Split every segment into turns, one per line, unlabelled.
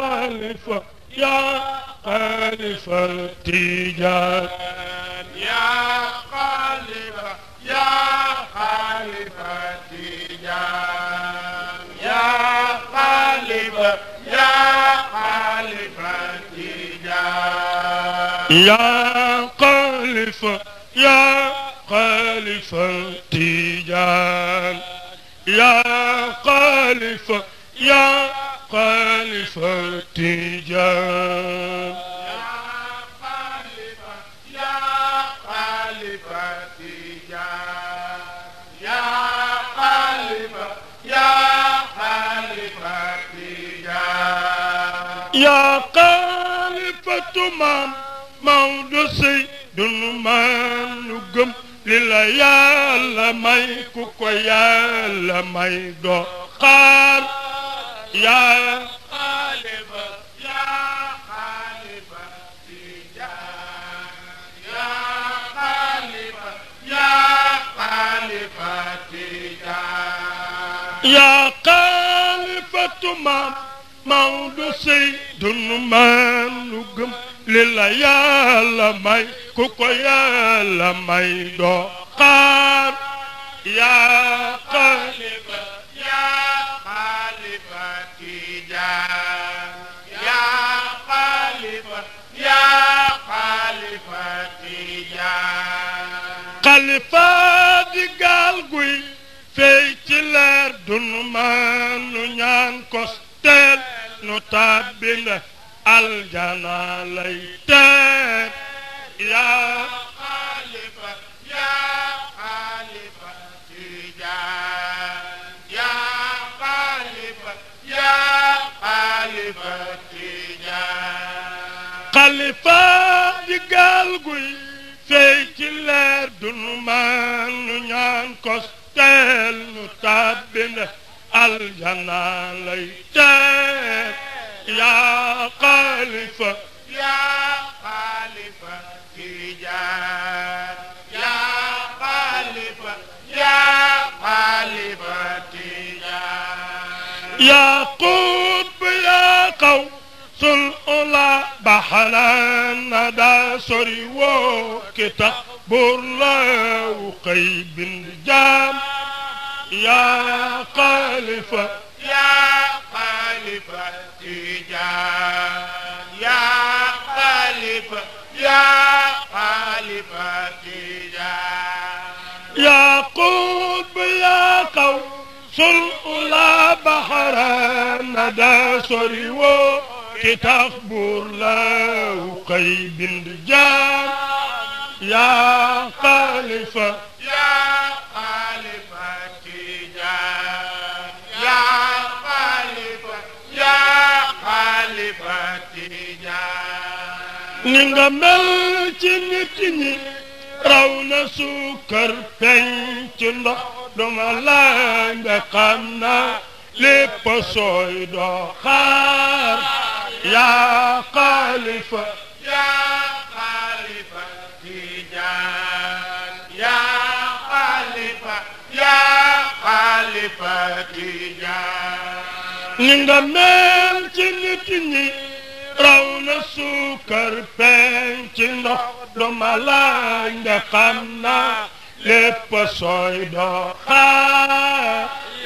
خليفة يا خليفة التجار يا خليفة يا خليفة التجار يا خليفة يا خليفة التجار يا خليفة يا خليفة التجار يا خليفة يا خليفة تجان يا خليفة يا خليفة تجان يا خليفة يا خليفة تجان يا خليفة مام مود سيد مان نجم li la yàlla may ku ko yàlla may doo xaar يا خالب يا خالب تجان يا خالب يا خالب تجان يا خالفة ما مود سيد ما نقم للا يا لمي كوكو يا لمي دو قار يا خالب xalifaa di gaal fey ci leer dunu maan nu ñaan kos teel nu tàbbina aljana lay teel yaa xalifa yaa xalifa di gaal dulmaan nu ñaan ko teel nu tàbbina aljana lay teeg yaa xaalifa yaa xaalifa tiijaan yaa xaalifa yaa xaalifa tiijaan yaa qutb yaa qaw sul ula baxalaan na daa sori woo ki tax برلا وقي بن يا خليفة يا خليفة تجام يا خالفة يا خالفة تجام يا قطب يا قوس الأولى بحران ندى سريو كتاب برلا وقي بن يا خليفة يا خليفة تجان yaa xaalifa yaa ni nga mel ci nit ñi raw na suukar peñ ci ndox du ma laaj nga xam naa lépp sooy doxa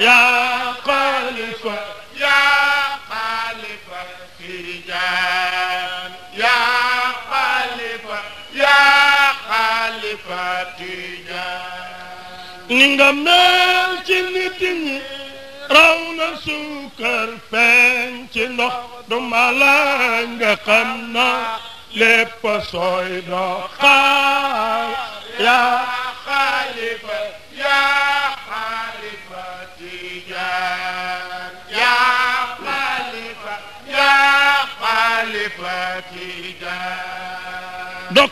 yaa ni nga mel ci nit ñi raw na suukar feeñ ci ndox du mala nga xam na lépp sooy xaar yaa xalifa Tijaan yaa xalifa yaa xalifa Tijaan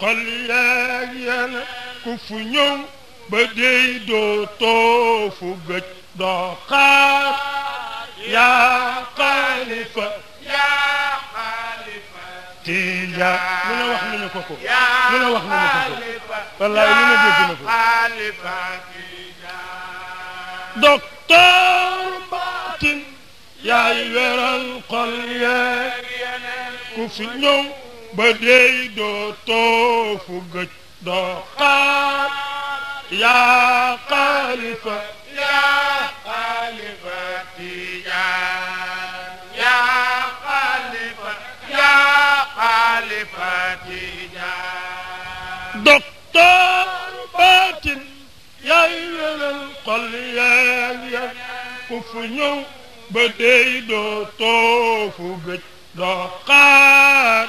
xol yaag yàlla ku fu ñëw ba dey doo toofu gëj doo xaar yaa xaalifa yaa xaalifa tiija lu ne wax nañu ko ko lu ne wax nañu ko ko wallaay lu ne dégg na ko xaalifa tiija docteur baatin yaay weral xol yaag ku fi ñëw ba dey doo toofu gëj doo xaar yaa xaalifa yaa xaalifa tijaan yaa xaalifa yaa xaalifa tijaan docteur baatin yaay wéral xol yeen ya ku fu ñëw ba dey doo toofu gëj doo xaar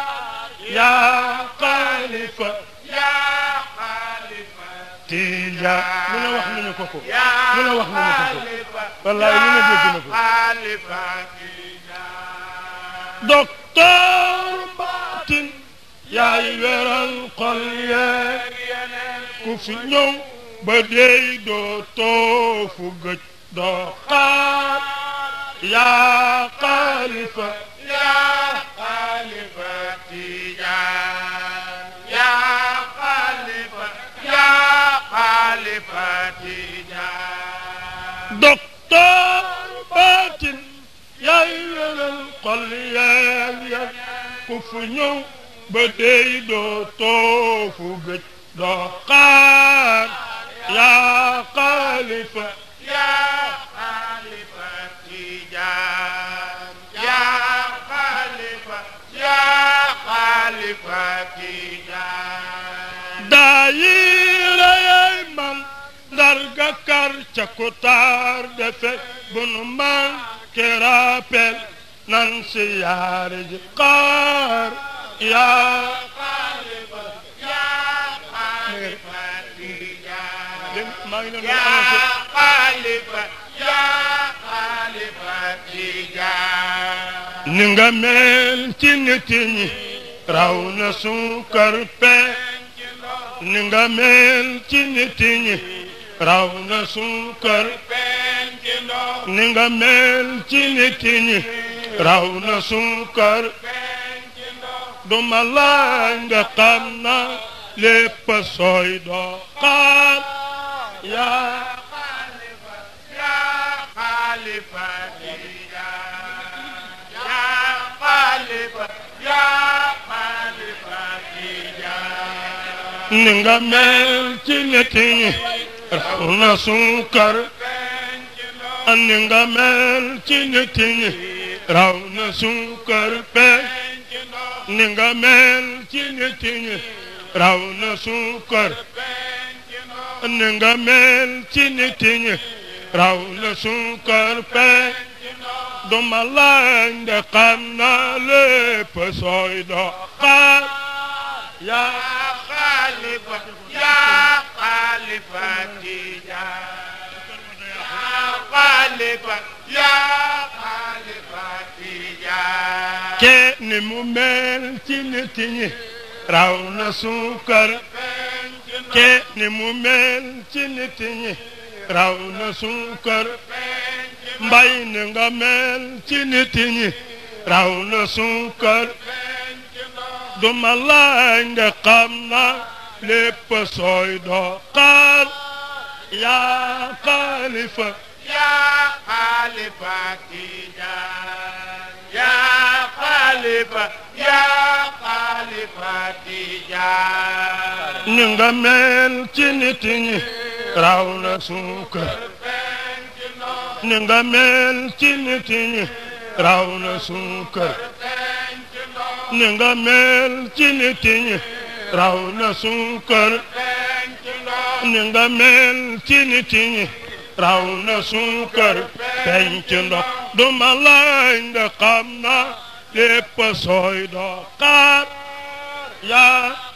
na ko ko lu ne wax na ma ko ko wallaay lu ne dégg na ko docteur batin yaay weral xol yee ku fi ñëw ba dee doo toofu gëj doo xaar yaa xalifa yaa طيبات يا القليل يا كفنو بدي دو توفو قد يا خليفه ca ku taar defe bu nu man ke rappel nan si yaar ji qaar yaa ni nga mel ci nit ñi raw na suukar pe ni nga mel ci nit ñi raw nga suukar ni nga mel na suukar du ma laaj nga xam na lépp sooy doo xaal yaa xaalifa ni raw na suukar andi nga mel ci nit ni nga raw na suukar ni nga mel ci nit ñi raw na suukar peñ du ma yaa خالف تجار يا خالف يا mu mel ci nit raw na suukar kenn mu ni nga mel ci nit ñi raw na suukar duma laaj nga lépp sooy doo xaar yaa xaalifa yaa yaa xaalifa yaa xaalifa Tijaan nga ci nit ñi raw na suukar ni nga ci nit ñi raw na suukar ni nga ci nit ñi raw na suukar ni nga mel ci nit raw na suukar penc ndox du ma nga xam na lépp sooy doo xaar yaa